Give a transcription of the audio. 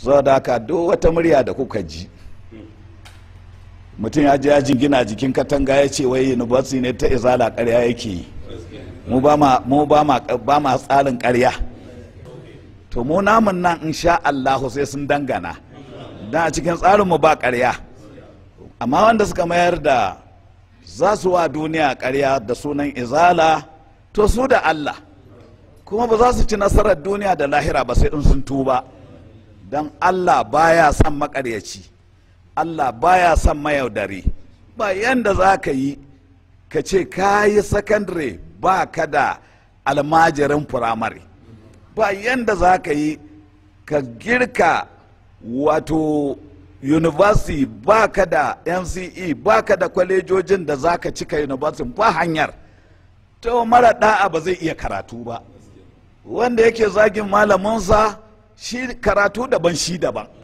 sadaka duk wata murya da kuka ji mutum ya ji ya jingina jikin katanga ya ce wai university ne ta izala karya yake yi mu ba ma tsarin karya to mu namun nan in sha Allahu sai sun dangana dan a cikin tsarin mu ba karya amma wanda suka mayar da za su wa duniya karya da sunan izala to su da Allah kuma ba za su ci nasarar duniya da lahira ba sai in sun tuba. don allah baya son makaryaci allah baya son mayaudari ba yanda za ka yi ka ce ka yi sakandare ba ka da almajirin firamare ba yanda za ka yi ka girka wato university ba ka da nce ba ka da kwalejojin da za ka cika university ba hanyar ta mara da'a ba zai iya karatu ba wanda yake zagin sa. shi karatu daban shi daban